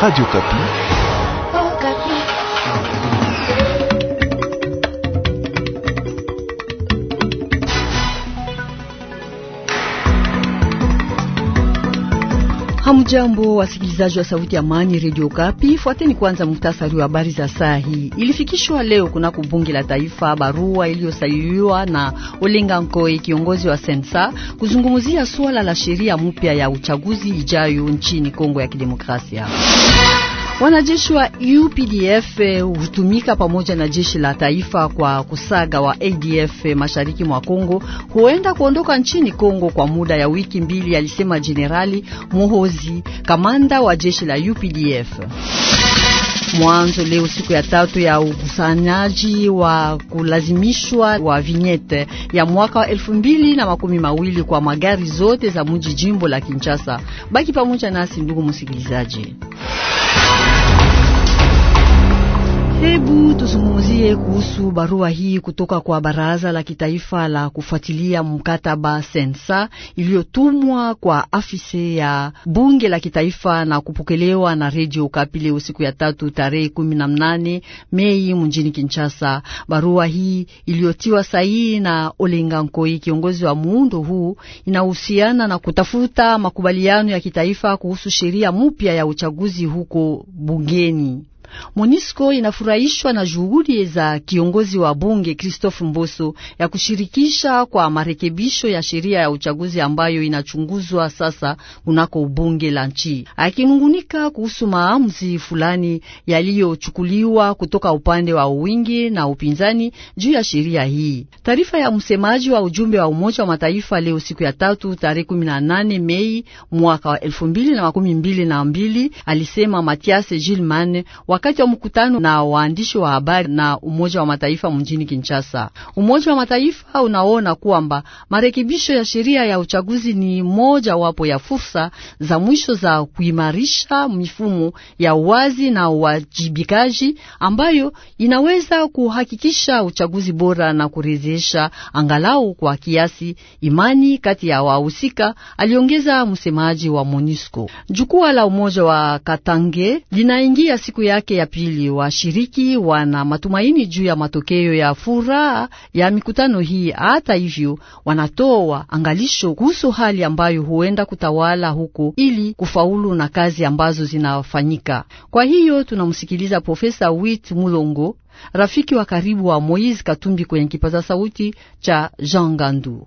Radio Kapi. Hamjambo, wasikilizaji wa sauti ya amani redio Kapi. Fuateni kwanza muhtasari wa habari za saa hii. Ilifikishwa leo kunako bunge la taifa barua iliyosainiwa na olinga nkoi kiongozi wa sensa, kuzungumzia suala la sheria mpya ya uchaguzi ijayo nchini Kongo ya Kidemokrasia. Wanajeshi wa UPDF eh, hutumika pamoja na jeshi la taifa kwa kusaga wa ADF eh, mashariki mwa Kongo huenda kuondoka nchini Kongo kwa muda ya wiki mbili, alisema Jenerali Muhozi, kamanda wa jeshi la UPDF. Mwanzo leo siku ya tatu ya ukusanyaji wa kulazimishwa wa vinyete ya mwaka wa elfu mbili na makumi mawili kwa magari zote za mji jimbo la Kinshasa. Baki pamoja nasi ndugu msikilizaji. Hebu tuzungumzie kuhusu barua hii kutoka kwa Baraza la Kitaifa la kufuatilia mkataba sensa iliyotumwa kwa afisi ya bunge la kitaifa na kupokelewa na redio Kapile usiku ya tatu tarehe kumi na mnane Mei mjini Kinshasa. Barua hii iliyotiwa sahihi na Olenga Nkoi, kiongozi wa muundo huu, inahusiana na kutafuta makubaliano ya kitaifa kuhusu sheria mpya ya uchaguzi huko bungeni. Monisco inafurahishwa na juhudi za kiongozi wa bunge Christophe Mboso ya kushirikisha kwa marekebisho ya sheria ya uchaguzi ambayo inachunguzwa sasa kunako bunge la nchi. Akinungunika kuhusu maamuzi fulani yaliyochukuliwa kutoka upande wa wingi na upinzani juu ya sheria hii. Taarifa ya msemaji wa ujumbe wa Umoja wa Mataifa leo siku ya tatu tarehe 18 Mei mwaka wa 2012 alisema Mathias Gilman wa wakati wa mkutano na waandishi wa habari na Umoja wa Mataifa mjini Kinshasa. Umoja wa Mataifa unaona kwamba marekebisho ya sheria ya uchaguzi ni moja wapo ya fursa za mwisho za kuimarisha mifumo ya uwazi na uwajibikaji ambayo inaweza kuhakikisha uchaguzi bora na kurejesha angalau kwa kiasi imani kati ya wahusika, aliongeza msemaji wa MONUSCO. Jukwaa la Umoja wa Katange linaingia siku yake yake ya pili. Washiriki wana matumaini juu ya matokeo ya furaha ya mikutano hii. Hata hivyo, wanatoa angalisho kuhusu hali ambayo huenda kutawala huko ili kufaulu na kazi ambazo zinafanyika. Kwa hiyo tunamsikiliza Profesa Wit Mulongo rafiki wa karibu wa Moise Katumbi kwenye kipaza sauti cha Jean Gandu.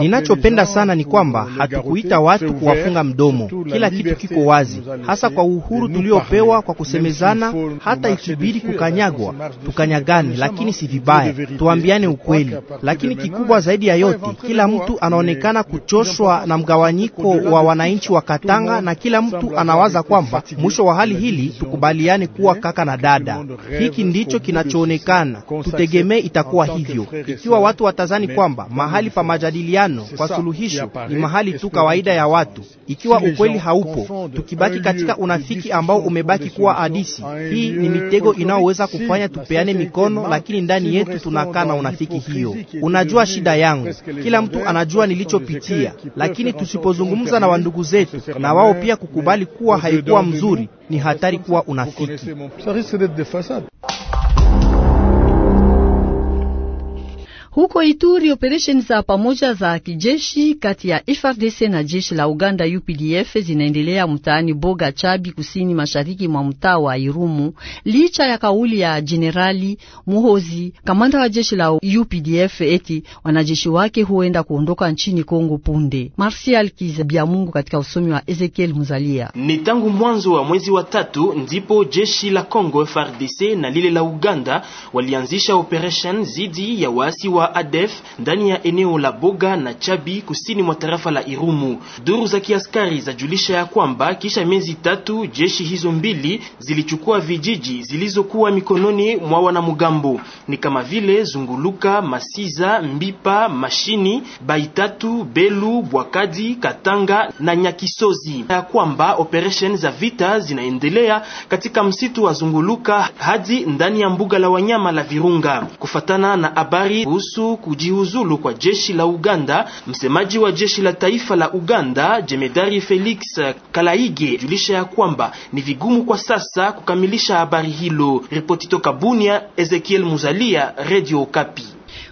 Ninachopenda sana ni kwamba hatukuita watu kuwafunga mdomo, kila kitu kiko wazi, hasa kwa uhuru tuliopewa kwa kusemezana, hata ikibidi kukanyagwa tukanyagane, lakini si vibaya, tuambiane ukweli. Lakini kikubwa zaidi ya yote, kila mtu anaonekana kuchoshwa na mgawanyiko wa wananchi wa Katanga, na kila mtu anawaza kwamba mwisho wa hali hili tukubaliane kuwa kaka na dada. Hiki ndicho kinachoonekana, tutegemee itakuwa hivyo. Ikiwa watu watazani kwamba mahali pa majadiliano kwa suluhisho ni mahali tu kawaida ya watu, ikiwa ukweli haupo, tukibaki katika unafiki ambao umebaki kuwa hadisi, hii ni mitego inayoweza kufanya tupeane mikono, lakini ndani yetu tunakaa na unafiki hiyo. Unajua shida yangu, kila mtu anajua nilichopitia, lakini tusipozungumza na wandugu zetu na wao pia kukubali kuwa haikuwa mzuri, ni hatari kuwa unafiki. Ça risque d'être des façades. Huko Ituri, operesheni za pamoja za kijeshi kati ya frdc na jeshi la Uganda UPDF zinaendelea mtaani Boga Chabi, kusini mashariki mwa mtaa wa Irumu, licha ya kauli ya Jenerali Muhozi, kamanda wa jeshi la UPDF, eti wanajeshi wake huenda kuondoka nchini Kongo punde. Marsial Mungu katika usomi wa Ezekiel Muzalia. Ni tangu mwanzo wa mwezi wa tatu ndipo jeshi la Kongo frdc na lile la Uganda walianzisha operesheni zidi ya waasi wa wa ADF ndani ya eneo la Boga na Chabi kusini mwa tarafa la Irumu. Duru za kiaskari zajulisha ya kwamba kisha miezi tatu jeshi hizo mbili zilichukua vijiji zilizokuwa mikononi mwa wanamgambo ni kama vile Zunguluka, Masiza, Mbipa, Mashini, Baitatu, Belu, Bwakadi, Katanga na Nyakisozi, ya kwamba operation za vita zinaendelea katika msitu wa Zunguluka hadi ndani ya mbuga la wanyama la Virunga kufatana na habari kuhusu kujiuzulu kwa jeshi la Uganda, msemaji wa jeshi la taifa la Uganda Jemedari Felix Kalaige julisha ya kwamba ni vigumu kwa sasa kukamilisha habari hilo. Ripoti toka Bunia, Ezekiel Muzalia, Radio Kapi.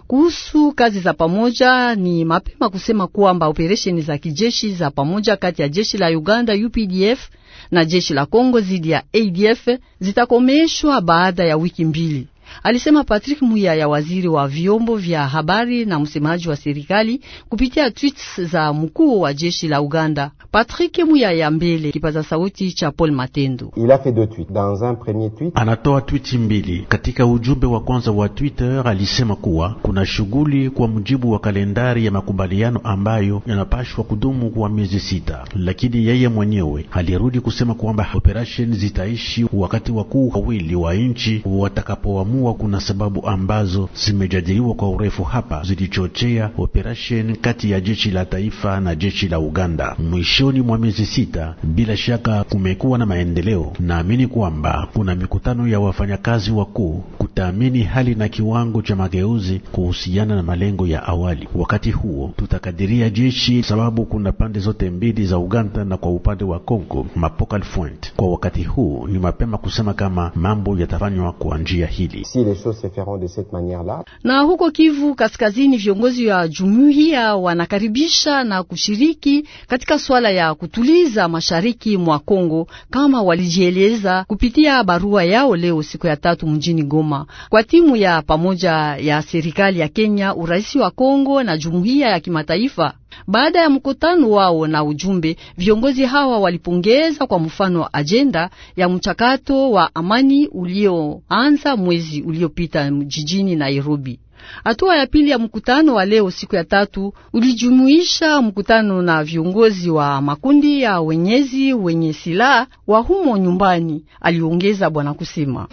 Kuhusu kazi za pamoja, ni mapema kusema kwamba operesheni za kijeshi za pamoja kati ya jeshi la Uganda UPDF na jeshi la Kongo dhidi ya ADF zitakomeshwa baada ya wiki mbili alisema Patrick Muyaya, waziri wa vyombo vya habari na msemaji wa serikali kupitia tweets za mkuu wa jeshi la Uganda. Patrick Muyaya mbele kipaza sauti cha Paul Matendo. Il a fait deux tweets. Dans un premier tweet, anatoa tweet mbili. Katika ujumbe wa kwanza wa Twitter alisema kuwa kuna shughuli kwa mujibu wa kalendari ya makubaliano ambayo yanapashwa kudumu kwa miezi sita, lakini yeye mwenyewe alirudi kusema kwamba operesheni zitaishi wakati wakuu wawili wa nchi watakapoamua huwa kuna sababu ambazo zimejadiliwa kwa urefu hapa, zilichochea operation kati ya jeshi la taifa na jeshi la Uganda. Mwishoni mwa miezi sita, bila shaka kumekuwa na maendeleo. Naamini kwamba kuna mikutano ya wafanyakazi wakuu kutaamini hali na kiwango cha mageuzi kuhusiana na malengo ya awali. Wakati huo tutakadiria jeshi, sababu kuna pande zote mbili za Uganda na kwa upande wa Kongo mapokal point. Kwa wakati huu ni mapema kusema kama mambo yatafanywa kwa njia hili si les choses se feront de cette manière-là. Na huko Kivu Kaskazini, viongozi wa jumuiya wanakaribisha na kushiriki katika swala ya kutuliza mashariki mwa Kongo, kama walijieleza kupitia barua yao leo siku ya tatu mjini Goma, kwa timu ya pamoja ya serikali ya Kenya, urais wa Kongo na jumuiya ya kimataifa. Baada ya mkutano wao na ujumbe, viongozi hawa walipongeza kwa mfano wa ajenda ya mchakato wa amani ulioanza mwezi uliopita jijini Nairobi. Hatua ya pili ya mkutano wa leo siku ya tatu ulijumuisha mkutano na viongozi wa makundi ya wenyezi wenye silaha wa humo nyumbani, aliongeza bwana kusema.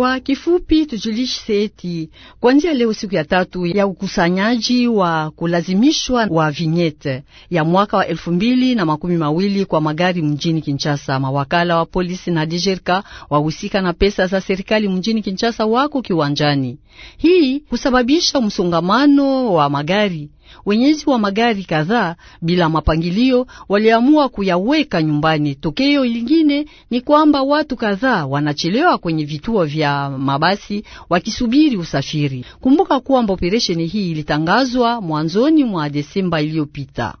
Kwa kifupi tujulishe seti kuanzia leo siku ya tatu ya ukusanyaji wa kulazimishwa wa vinyete ya mwaka wa elfu mbili na makumi mawili kwa magari mjini Kinshasa. Mawakala wa polisi na dijerka wahusika na pesa za serikali mjini Kinshasa wako kiwanjani, hii kusababisha msongamano wa magari Wenyezi wa magari kadhaa bila mapangilio waliamua kuyaweka nyumbani. Tokeo lingine ni kwamba watu kadhaa wanachelewa kwenye vituo vya mabasi wakisubiri usafiri. Kumbuka kwamba operesheni hii ilitangazwa mwanzoni mwa Desemba iliyopita.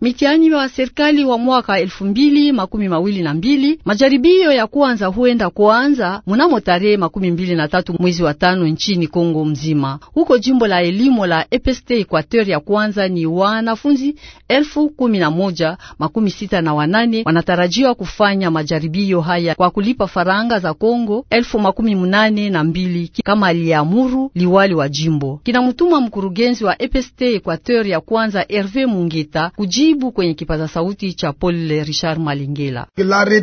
Mitihani wa serikali wa mwaka elfu mbili makumi mawili na mbili majaribio ya kwanza huenda kuanza mnamo tarehe makumi mbili na tatu mwezi wa tano nchini Kongo mzima. Huko jimbo la elimu la EPST Equateur ya kwanza ni wanafunzi elfu kumi na moja makumi sita na wanane wanatarajiwa kufanya majaribio haya kwa kulipa faranga za Kongo elfu makumi mnane na mbili kama aliamuru liwali wa jimbo. Kinamutuma mkurugenzi wa EPST Equateur ya kwanza Herve Mungeta kujibu kwenye kipaza sauti cha Paul Richard Malingela.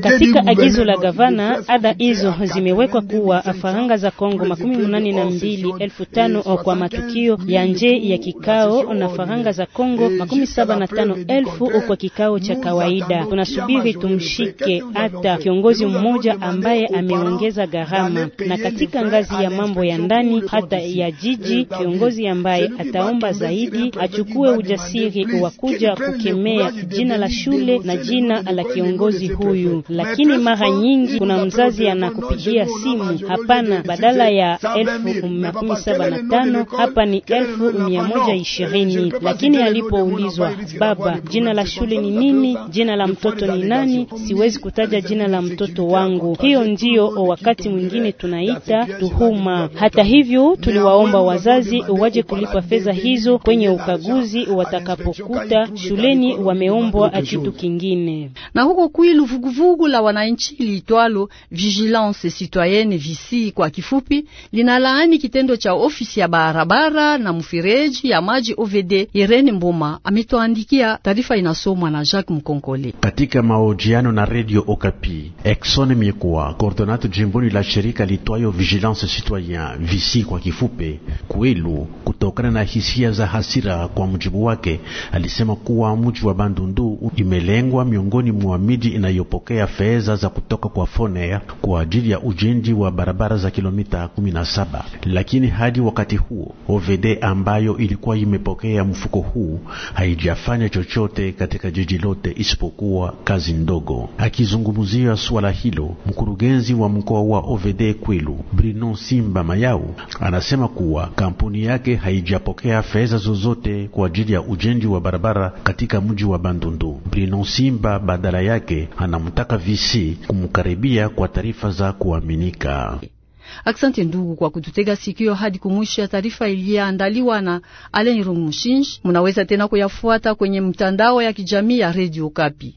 Katika agizo la gavana, ada hizo zimewekwa kuwa faranga za Kongo makumi munane na mbili elfu tano kwa matukio ya nje ya kikao na faranga za Kongo makumi saba na tano elfu kwa kikao cha kawaida. Tunasubiri tumshike hata kiongozi mmoja ambaye ameongeza gharama, na katika ngazi ya mambo ya ndani hata ya jiji, eh, kiongozi ambaye ataomba zaidi achukue ujasiri wa kuja kukemea jina la shule na jina la kiongozi huyu, lakini mara nyingi kuna mzazi anakupigia simu, hapana, badala ya elfu makumi saba na tano hapa ni elfu mia moja ishirini. Lakini alipoulizwa baba, jina la shule ni nini? Jina la mtoto ni nani? Siwezi kutaja jina la mtoto wangu. Hiyo ndiyo wakati mwingine tunaita tuhuma. Hata hivyo, tuliwaomba wazazi waje kulipa fedha hizo kwenye ukaguzi watakapokuta shule shuleni wameombwa kitu kingine. Na huko Kwilu, vuguvugu la wananchi liitwalo Vigilance Citoyenne Visi kwa kifupi, linalaani kitendo cha ofisi ya barabara na mfereji ya maji OVD. Irene Mboma ametoandikia taarifa, inasomwa na Jacques Mkonkole. Katika mahojiano na Radio Okapi, Exxon Miekua, coordonate jimboni la shirika litwayo Vigilance Citoyen Visi kwa kifupi Kwilu, kutokana na hisia za hasira, kwa mujibu wake alisema kuwa wa mji wa Bandundu imelengwa miongoni mwa miji inayopokea fedha za kutoka kwa Fonea kwa ajili ya ujenzi wa barabara za kilomita 17, lakini hadi wakati huo OVD ambayo ilikuwa imepokea mfuko huu haijafanya chochote katika jiji lote isipokuwa kazi ndogo. Akizungumzia suala hilo, mkurugenzi wa mkoa wa OVD Kwilu Brino Simba Mayau anasema kuwa kampuni yake haijapokea fedha zozote kwa ajili ya ujenzi wa barabara katika mji wa Bandundu. Bruno Simba badala yake anamtaka visi kumkaribia kwa taarifa za kuaminika. Aksante ndugu kwa kututega sikio hadi kumwisha ya taarifa iliyoandaliwa na Alen Rumushinji. Munaweza tena kuyafuata kwenye mtandao ya kijamii ya Radio Kapi.